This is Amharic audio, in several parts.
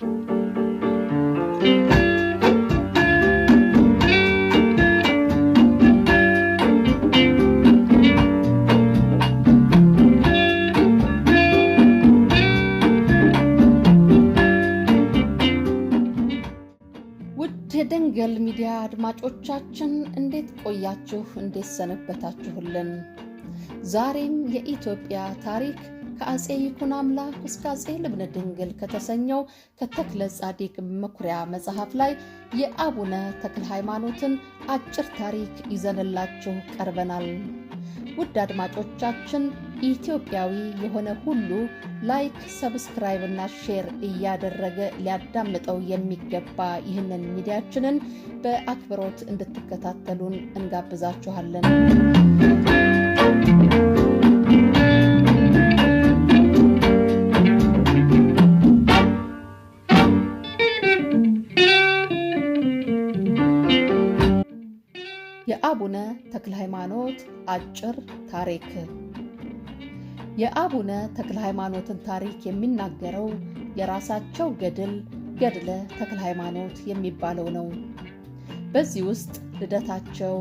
የደንገል ሚዲያ አድማጮቻችን እንዴት ቆያችሁ? እንዴት ሰነበታችሁልን? ዛሬም የኢትዮጵያ ታሪክ ከአጼ ይኩን አምላክ እስከ አጼ ልብነ ድንግል ከተሰኘው ከተክለ ጻዲቅ መኩሪያ መጽሐፍ ላይ የአቡነ ተክለ ሃይማኖትን አጭር ታሪክ ይዘንላችሁ ቀርበናል። ውድ አድማጮቻችን ኢትዮጵያዊ የሆነ ሁሉ ላይክ፣ ሰብስክራይብ እና ሼር እያደረገ ሊያዳምጠው የሚገባ ይህንን ሚዲያችንን በአክብሮት እንድትከታተሉን እንጋብዛችኋለን። ሃይማኖት አጭር ታሪክ የአቡነ ተክለ ሃይማኖትን ታሪክ የሚናገረው የራሳቸው ገድል ገድለ ተክለ ሃይማኖት የሚባለው ነው። በዚህ ውስጥ ልደታቸው፣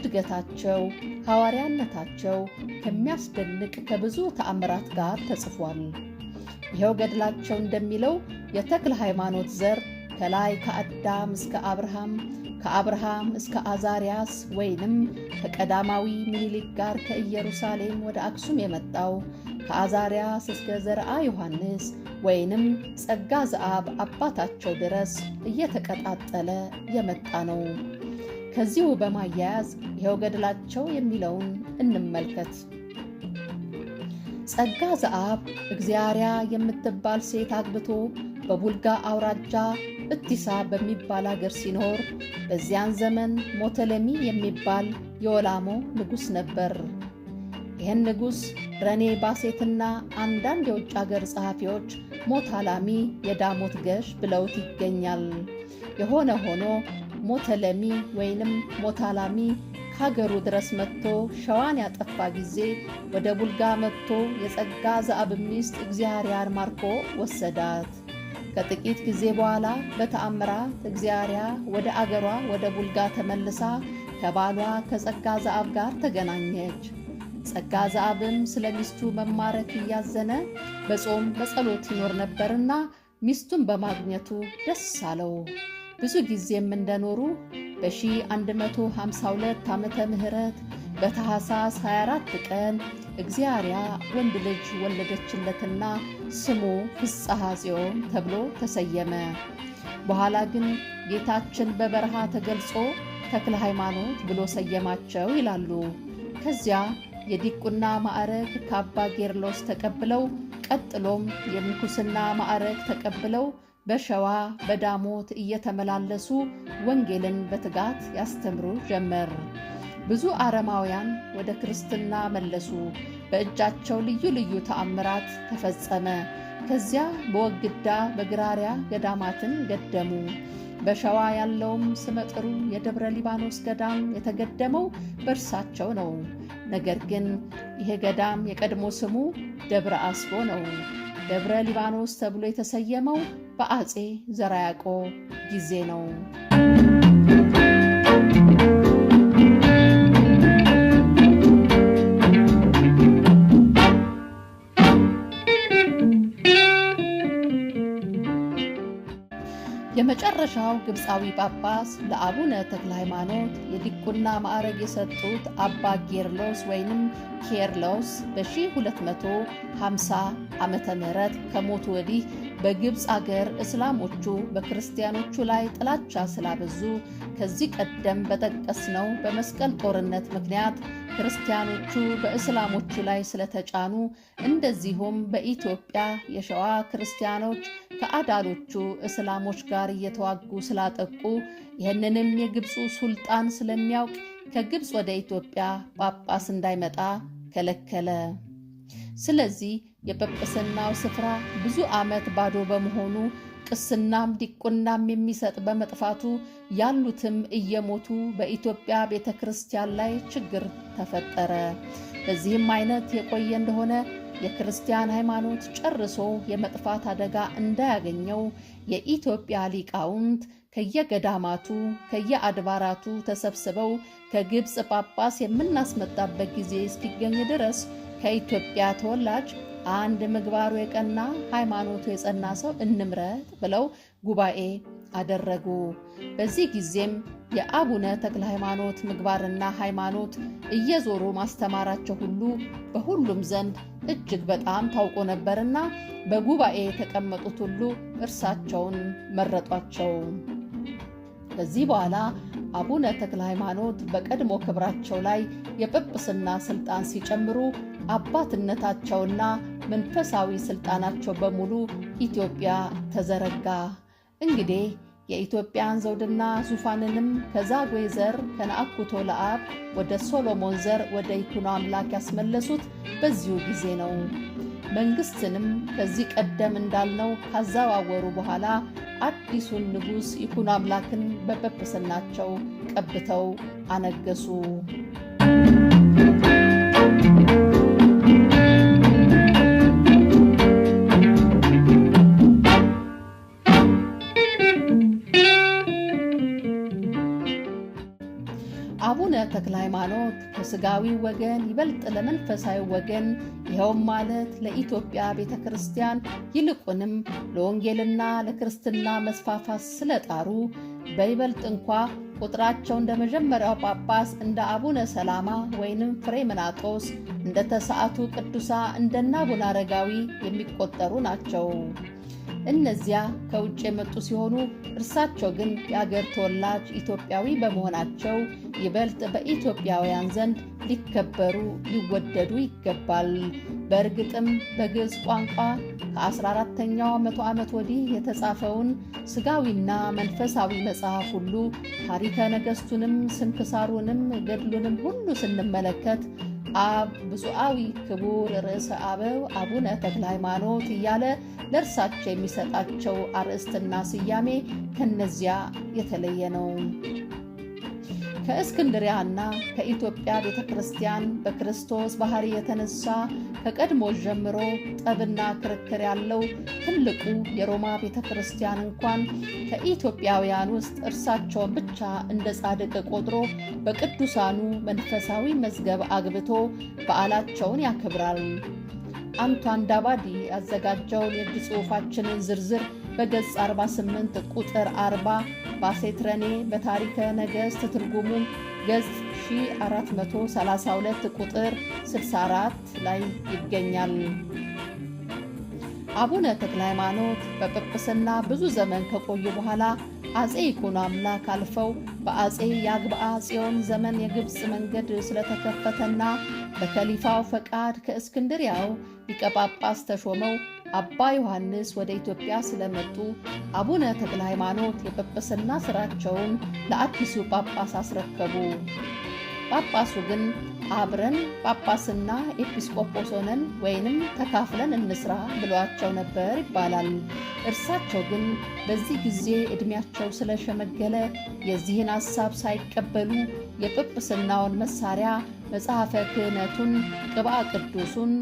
እድገታቸው፣ ሐዋርያነታቸው ከሚያስደንቅ ከብዙ ተአምራት ጋር ተጽፏል። ይኸው ገድላቸው እንደሚለው የተክለ ሃይማኖት ዘር ከላይ ከአዳም እስከ አብርሃም ከአብርሃም እስከ አዛሪያስ ወይንም ከቀዳማዊ ምኒልክ ጋር ከኢየሩሳሌም ወደ አክሱም የመጣው ከአዛሪያስ እስከ ዘርአ ዮሐንስ ወይንም ጸጋ ዘአብ አባታቸው ድረስ እየተቀጣጠለ የመጣ ነው። ከዚሁ በማያያዝ ይኸው ገድላቸው የሚለውን እንመልከት። ጸጋ ዘአብ እግዚአርያ የምትባል ሴት አግብቶ በቡልጋ አውራጃ እቲሳ በሚባል አገር ሲኖር በዚያን ዘመን ሞተለሚ የሚባል የወላሞ ንጉሥ ነበር። ይህን ንጉሥ ረኔ ባሴትና አንዳንድ የውጭ አገር ጸሐፊዎች ሞታላሚ የዳሞት ገዥ ብለውት ይገኛል። የሆነ ሆኖ ሞተለሚ ወይንም ሞታላሚ ከሀገሩ ድረስ መጥቶ ሸዋን ያጠፋ ጊዜ ወደ ቡልጋ መጥቶ የጸጋ ዘአብ ሚስት እግዚአብሔር ማርኮ ወሰዳት። ከጥቂት ጊዜ በኋላ በተአምራት እግዚአብሔር ወደ አገሯ ወደ ቡልጋ ተመልሳ ከባሏ ከጸጋ ዘአብ ጋር ተገናኘች። ጸጋ ዘአብም ስለ ሚስቱ መማረክ እያዘነ በጾም በጸሎት ይኖር ነበርና ሚስቱን በማግኘቱ ደስ አለው። ብዙ ጊዜም እንደኖሩ በ152 ዓመተ ምህረት በታኅሳስ 24 ቀን እግዚአብሔር ወንድ ልጅ ወለደችለትና ስሙ ፍስሐ ጽዮን ተብሎ ተሰየመ። በኋላ ግን ጌታችን በበረሃ ተገልጾ ተክለ ሃይማኖት ብሎ ሰየማቸው ይላሉ። ከዚያ የዲቁና ማዕረግ ከአባ ጌርሎስ ተቀብለው ቀጥሎም የምንኩስና ማዕረግ ተቀብለው በሸዋ በዳሞት እየተመላለሱ ወንጌልን በትጋት ያስተምሩ ጀመር። ብዙ አረማውያን ወደ ክርስትና መለሱ። በእጃቸው ልዩ ልዩ ተአምራት ተፈጸመ። ከዚያ በወግዳ በግራሪያ ገዳማትን ገደሙ። በሸዋ ያለውም ስመጥሩ የደብረ ሊባኖስ ገዳም የተገደመው በእርሳቸው ነው። ነገር ግን ይሄ ገዳም የቀድሞ ስሙ ደብረ አስቦ ነው። ደብረ ሊባኖስ ተብሎ የተሰየመው በአፄ ዘርዓ ያዕቆብ ጊዜ ነው። የመጨረሻው ግብፃዊ ጳጳስ ለአቡነ ተክለ ሃይማኖት የዲቁና ማዕረግ የሰጡት አባ ጌርሎስ ወይንም ኬርሎስ በ1250 ዓመተ ምህረት ከሞቱ ወዲህ በግብፅ አገር እስላሞቹ በክርስቲያኖቹ ላይ ጥላቻ ስላበዙ ከዚህ ቀደም በጠቀስነው በመስቀል ጦርነት ምክንያት ክርስቲያኖቹ በእስላሞቹ ላይ ስለተጫኑ እንደዚሁም በኢትዮጵያ የሸዋ ክርስቲያኖች ከአዳሎቹ እስላሞች ጋር እየተዋጉ ስላጠቁ ይህንንም የግብፁ ሱልጣን ስለሚያውቅ ከግብፅ ወደ ኢትዮጵያ ጳጳስ እንዳይመጣ ከለከለ። ስለዚህ የጵጵስናው ስፍራ ብዙ ዓመት ባዶ በመሆኑ ቅስናም ዲቁናም የሚሰጥ በመጥፋቱ ያሉትም እየሞቱ በኢትዮጵያ ቤተ ክርስቲያን ላይ ችግር ተፈጠረ። በዚህም አይነት የቆየ እንደሆነ የክርስቲያን ሃይማኖት ጨርሶ የመጥፋት አደጋ እንዳያገኘው የኢትዮጵያ ሊቃውንት ከየገዳማቱ ከየአድባራቱ ተሰብስበው ከግብፅ ጳጳስ የምናስመጣበት ጊዜ እስኪገኝ ድረስ ከኢትዮጵያ ተወላጅ አንድ ምግባሩ የቀና ሃይማኖቱ የጸና ሰው እንምረጥ ብለው ጉባኤ አደረጉ። በዚህ ጊዜም የአቡነ ተክለ ሃይማኖት ምግባርና ሃይማኖት እየዞሩ ማስተማራቸው ሁሉ በሁሉም ዘንድ እጅግ በጣም ታውቆ ነበርና በጉባኤ የተቀመጡት ሁሉ እርሳቸውን መረጧቸው። ከዚህ በኋላ አቡነ ተክለ ሃይማኖት በቀድሞ ክብራቸው ላይ የጵጵስና ስልጣን ሲጨምሩ አባትነታቸውና መንፈሳዊ ስልጣናቸው በሙሉ ኢትዮጵያ ተዘረጋ። እንግዲህ የኢትዮጵያን ዘውድና ዙፋንንም ከዛጉዌ ዘር ከነአኩቶ ለአብ ወደ ሶሎሞን ዘር ወደ ይኩኖ አምላክ ያስመለሱት በዚሁ ጊዜ ነው። መንግስትንም ከዚህ ቀደም እንዳልነው ካዘዋወሩ በኋላ አዲሱን ንጉሥ ይኩን አምላክን በጵጵስናቸው ቀብተው አነገሱ። አቡነ ተክለ ሃይማኖት ከስጋዊ ወገን ይበልጥ ለመንፈሳዊ ወገን ይኸውም ማለት ለኢትዮጵያ ቤተ ክርስቲያን ይልቁንም ለወንጌልና ለክርስትና መስፋፋት ስለጣሩ በይበልጥ እንኳ ቁጥራቸው እንደ መጀመሪያው ጳጳስ እንደ አቡነ ሰላማ ወይንም መናጦስ እንደ ተሰዓቱ ቅዱሳ እንደና አቡነ አረጋዊ የሚቆጠሩ ናቸው። እነዚያ ከውጭ የመጡ ሲሆኑ እርሳቸው ግን የአገር ተወላጅ ኢትዮጵያዊ በመሆናቸው ይበልጥ በኢትዮጵያውያን ዘንድ ሊከበሩ ሊወደዱ ይገባል። በእርግጥም በግዕዝ ቋንቋ ከ14ተኛው መቶ ዓመት ወዲህ የተጻፈውን ስጋዊና መንፈሳዊ መጽሐፍ ሁሉ ታሪከ ነገሥቱንም ስንክሳሩንም ገድሉንም ሁሉ ስንመለከት አብ ብፁዓዊ ክቡር ርዕሰ አበው አቡነ ተክለ ሃይማኖት እያለ ለእርሳቸው የሚሰጣቸው አርዕስትና ስያሜ ከነዚያ የተለየ ነው። ከእስክንድሪያና ከኢትዮጵያ ቤተ ክርስቲያን በክርስቶስ ባህሪ የተነሳ ከቀድሞ ጀምሮ ጠብና ክርክር ያለው ትልቁ የሮማ ቤተ ክርስቲያን እንኳን ከኢትዮጵያውያን ውስጥ እርሳቸውን ብቻ እንደ ጻድቅ ቆጥሮ በቅዱሳኑ መንፈሳዊ መዝገብ አግብቶ በዓላቸውን ያከብራል። አንቷን ዳባዲ ያዘጋጀውን የእጅ ጽሑፋችንን ዝርዝር በገጽ 48 ቁጥር 40 ባሴትረኔ በታሪከ ነገሥት ትርጉሙ ገጽ 1432 ቁጥር 64 ላይ ይገኛል። አቡነ ተክለ ሃይማኖት በጵጵስና ብዙ ዘመን ከቆዩ በኋላ አጼ ይኩኖ አምላክ አልፈው በአጼ ያግብአ ጽዮን ዘመን የግብፅ መንገድ ስለተከፈተና በከሊፋው ፈቃድ ከእስክንድሪያው ሊቀ ጳጳስ ተሾመው አባ ዮሐንስ ወደ ኢትዮጵያ ስለመጡ አቡነ ተክለ ሃይማኖት የጵጵስና ሥራቸውን ለአዲሱ ጳጳስ አስረከቡ። ጳጳሱ ግን አብረን ጳጳስና ኤጲስቆጶስ ሆነን ወይንም ተካፍለን እንስራ ብሏቸው ነበር ይባላል። እርሳቸው ግን በዚህ ጊዜ ዕድሜያቸው ስለሸመገለ የዚህን ሐሳብ ሳይቀበሉ የጵጵስናውን መሳሪያ መጽሐፈ ክህነቱን፣ ቅብአ ቅዱሱን፣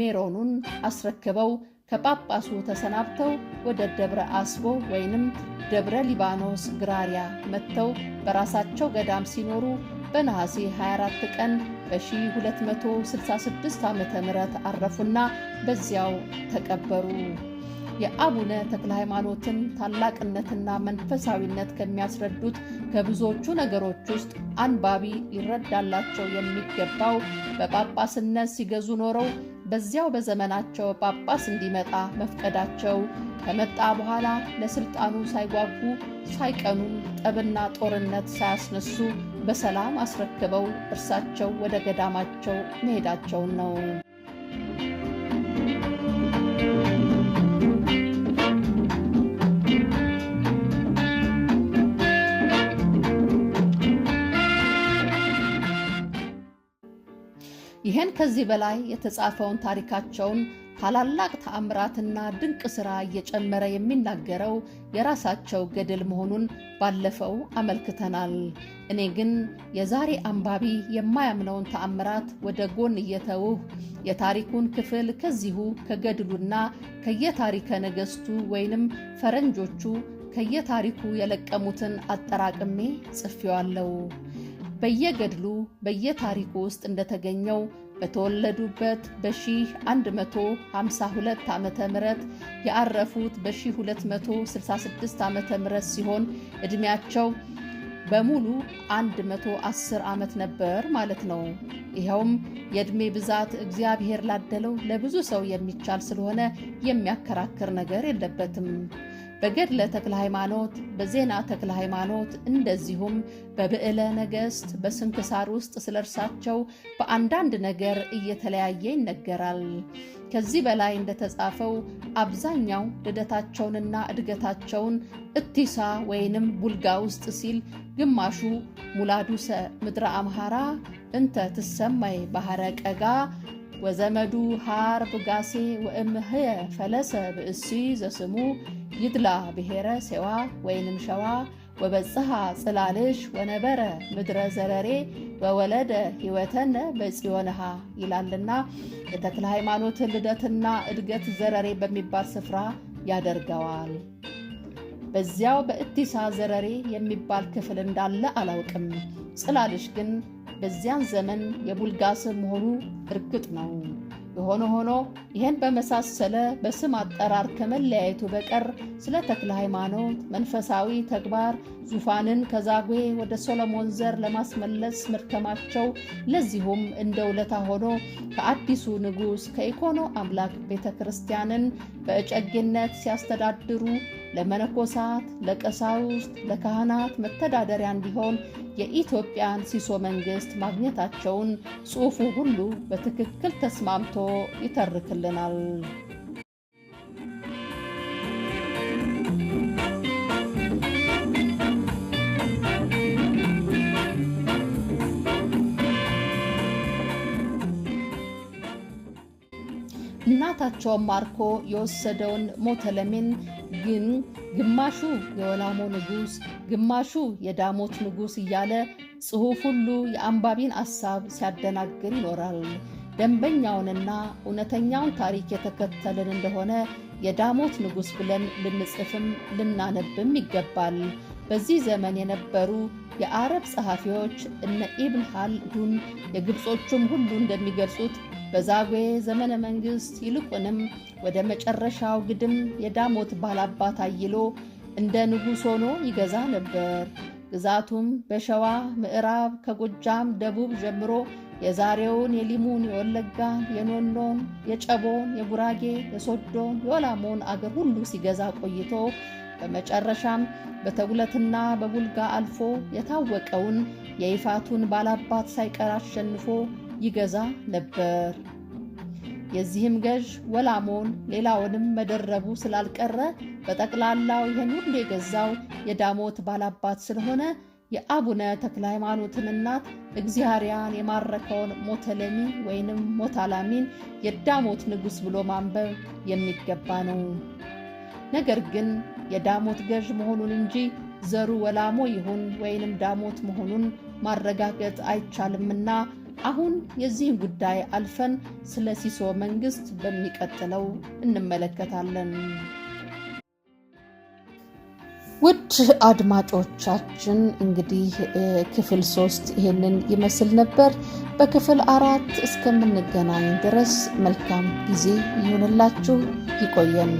ሜሮኑን አስረክበው ከጳጳሱ ተሰናብተው ወደ ደብረ አስቦ ወይንም ደብረ ሊባኖስ ግራሪያ መጥተው በራሳቸው ገዳም ሲኖሩ በነሐሴ 24 ቀን በ1266 ዓ ም አረፉና በዚያው ተቀበሩ። የአቡነ ተክለ ሃይማኖትን ታላቅነትና መንፈሳዊነት ከሚያስረዱት ከብዙዎቹ ነገሮች ውስጥ አንባቢ ሊረዳላቸው የሚገባው በጳጳስነት ሲገዙ ኖረው በዚያው በዘመናቸው ጳጳስ እንዲመጣ መፍቀዳቸው ከመጣ በኋላ ለስልጣኑ ሳይጓጉ ሳይቀኑ ጠብና ጦርነት ሳያስነሱ በሰላም አስረክበው እርሳቸው ወደ ገዳማቸው መሄዳቸውን ነው። ይህን ከዚህ በላይ የተጻፈውን ታሪካቸውን ታላላቅ ተአምራትና ድንቅ ሥራ እየጨመረ የሚናገረው የራሳቸው ገድል መሆኑን ባለፈው አመልክተናል። እኔ ግን የዛሬ አንባቢ የማያምነውን ተአምራት ወደ ጎን እየተውህ የታሪኩን ክፍል ከዚሁ ከገድሉና ከየታሪከ ነገሥቱ ወይንም ፈረንጆቹ ከየታሪኩ የለቀሙትን አጠራቅሜ ጽፌዋለሁ። በየገድሉ በየታሪኩ ውስጥ እንደተገኘው በተወለዱበት በ1152 ዓ ም ያረፉት በ1266 ዓ ምህረት ሲሆን ዕድሜያቸው በሙሉ 110 ዓመት ነበር ማለት ነው። ይኸውም የዕድሜ ብዛት እግዚአብሔር ላደለው ለብዙ ሰው የሚቻል ስለሆነ የሚያከራክር ነገር የለበትም። በገድለ ተክለ ሃይማኖት፣ በዜና ተክለ ሃይማኖት እንደዚሁም በብዕለ ነገሥት በስንክሳር ውስጥ ስለ እርሳቸው በአንዳንድ ነገር እየተለያየ ይነገራል። ከዚህ በላይ እንደተጻፈው አብዛኛው ልደታቸውንና እድገታቸውን እቲሳ ወይንም ቡልጋ ውስጥ ሲል፣ ግማሹ ሙላዱሰ ምድረ አምሃራ እንተ ትሰማይ ባህረ ቀጋ ወዘመዱ ሃርብ ጋሴ ወእምህየ ፈለሰ ብእሲ ዘስሙ ይድላ ብሔረ ሴዋ ወይንም ሸዋ ወበጽሐ ጽላልሽ ወነበረ ምድረ ዘረሬ ወወለደ ሕይወተነ በጽዮንሃ ይላልና የተክለ ሃይማኖትን ልደትና እድገት ዘረሬ በሚባል ስፍራ ያደርገዋል። በዚያው በእቲሳ ዘረሬ የሚባል ክፍል እንዳለ አላውቅም። ጽላልሽ ግን በዚያን ዘመን የቡልጋስ መሆኑ እርግጥ ነው። የሆነ ሆኖ ይህን በመሳሰለ በስም አጠራር ከመለያየቱ በቀር ስለ ተክለ ሃይማኖት መንፈሳዊ ተግባር ዙፋንን ከዛጉዌ ወደ ሶሎሞን ዘር ለማስመለስ ምርከማቸው ለዚሁም እንደ ውለታ ሆኖ ከአዲሱ ንጉሥ ከኢኮኖ አምላክ ቤተ ክርስቲያንን በእጨጌነት ሲያስተዳድሩ ለመነኮሳት፣ ለቀሳውስት፣ ለካህናት መተዳደሪያ እንዲሆን የኢትዮጵያን ሲሶ መንግስት ማግኘታቸውን ጽሑፉ ሁሉ በትክክል ተስማምቶ ይተርክልናል። እናታቸውን ማርኮ የወሰደውን ሞተለሜን ግን ግማሹ የወላሞ ንጉሥ፣ ግማሹ የዳሞት ንጉሥ እያለ ጽሑፍ ሁሉ የአንባቢን አሳብ ሲያደናግር ይኖራል። ደንበኛውንና እውነተኛውን ታሪክ የተከተልን እንደሆነ የዳሞት ንጉሥ ብለን ልንጽፍም ልናነብም ይገባል። በዚህ ዘመን የነበሩ የአረብ ጸሐፊዎች እነ ኢብን ሃልዱን የግብጾቹም ሁሉ እንደሚገልጹት በዛጉዌ ዘመነ መንግሥት ይልቁንም ወደ መጨረሻው ግድም የዳሞት ባላባት አይሎ እንደ ንጉሥ ሆኖ ይገዛ ነበር። ግዛቱም በሸዋ ምዕራብ ከጎጃም ደቡብ ጀምሮ የዛሬውን የሊሙን፣ የወለጋን፣ የኖኖን፣ የጨቦን፣ የጉራጌ፣ የሶዶን፣ የወላሞን አገር ሁሉ ሲገዛ ቆይቶ በመጨረሻም በተጉለትና በቡልጋ አልፎ የታወቀውን የይፋቱን ባላባት ሳይቀር አሸንፎ ይገዛ ነበር። የዚህም ገዥ ወላሞን ሌላውንም መደረቡ ስላልቀረ በጠቅላላው ይህን ሁሉ የገዛው የዳሞት ባላባት ስለሆነ የአቡነ ተክለ ሃይማኖትን እናት እግዚአርያን የማረከውን ሞተለሚ ወይንም ሞታላሚን የዳሞት ንጉሥ ብሎ ማንበብ የሚገባ ነው። ነገር ግን የዳሞት ገዥ መሆኑን እንጂ ዘሩ ወላሞ ይሁን ወይንም ዳሞት መሆኑን ማረጋገጥ አይቻልምና አሁን የዚህን ጉዳይ አልፈን ስለ ሲሶ መንግስት በሚቀጥለው እንመለከታለን። ውድ አድማጮቻችን እንግዲህ ክፍል ሶስት ይህንን ይመስል ነበር። በክፍል አራት እስከምንገናኝ ድረስ መልካም ጊዜ ይሁንላችሁ። ይቆየን።